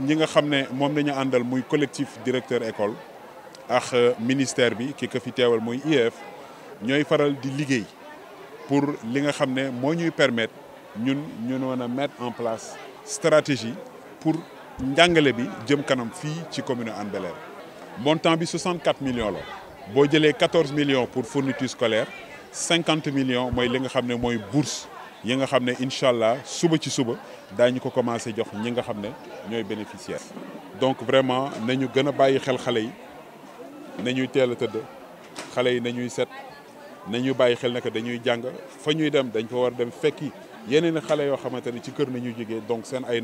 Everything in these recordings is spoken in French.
Nous avons fait le collectif directeur école ak euh, ministère bi ki ko fi téwal moy IF e ñoy faral di pour li permettre de mettre en place une stratégie pour nous bi jëm kanam fi ci commune Hann montant de 64 millions il y a 14 millions pour fournitures scolaires, 50 millions pour li nga bourse yi nga xamné inshallah suba ci suba ko commencé jox ñi nga xamné bénéficiaire donc vraiment nañu xel yi yi nañuy set nañu bayyi xel naka dañuy jang fa ñuy dem dañ ko war dem fekki yeneen xalé yo xamanteni ci kër donc seen ay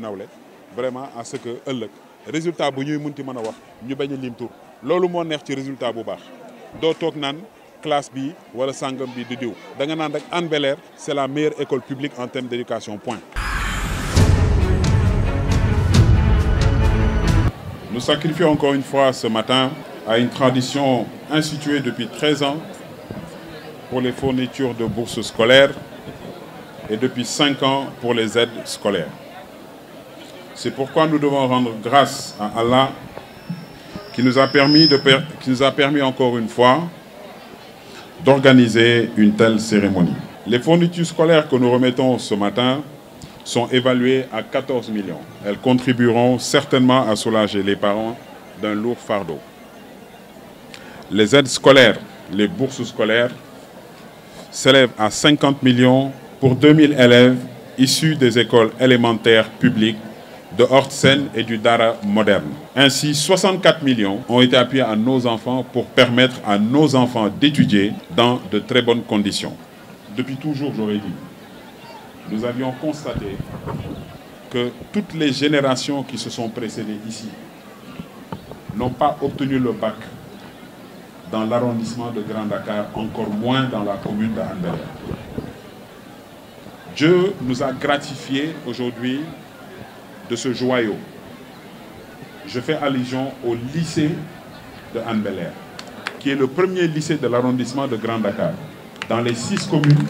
vraiment à ce que résultat bu ñuy wax ñu résultat bu baax classe bi wala bi diw c'est la meilleure école publique en termes d'éducation point. Nous sacrifions encore une fois ce matin à une tradition instituée depuis 13 ans pour les fournitures de bourses scolaires et depuis 5 ans pour les aides scolaires. C'est pourquoi nous devons rendre grâce à Allah qui nous a permis, de, qui nous a permis encore une fois d'organiser une telle cérémonie. Les fournitures scolaires que nous remettons ce matin sont évaluées à 14 millions. Elles contribueront certainement à soulager les parents d'un lourd fardeau. Les aides scolaires, les bourses scolaires s'élèvent à 50 millions pour 2000 élèves issus des écoles élémentaires publiques de Hortsen et du Dara moderne. Ainsi, 64 millions ont été appuyés à nos enfants pour permettre à nos enfants d'étudier dans de très bonnes conditions. Depuis toujours, j'aurais dit, nous avions constaté que toutes les générations qui se sont précédées ici n'ont pas obtenu le bac dans l'arrondissement de Grand Dakar, encore moins dans la commune d'Anber. Dieu nous a gratifiés aujourd'hui de ce joyau. Je fais allusion au lycée de Anne Belair, qui est le premier lycée de l'arrondissement de Grand Dakar. Dans les six communes,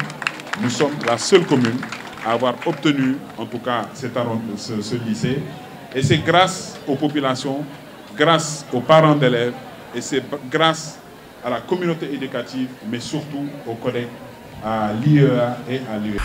nous sommes la seule commune à avoir obtenu, en tout cas, ce, ce lycée. Et c'est grâce aux populations, grâce aux parents d'élèves, et c'est grâce à la communauté éducative, mais surtout aux collègues, à l'IEA et à l'UE.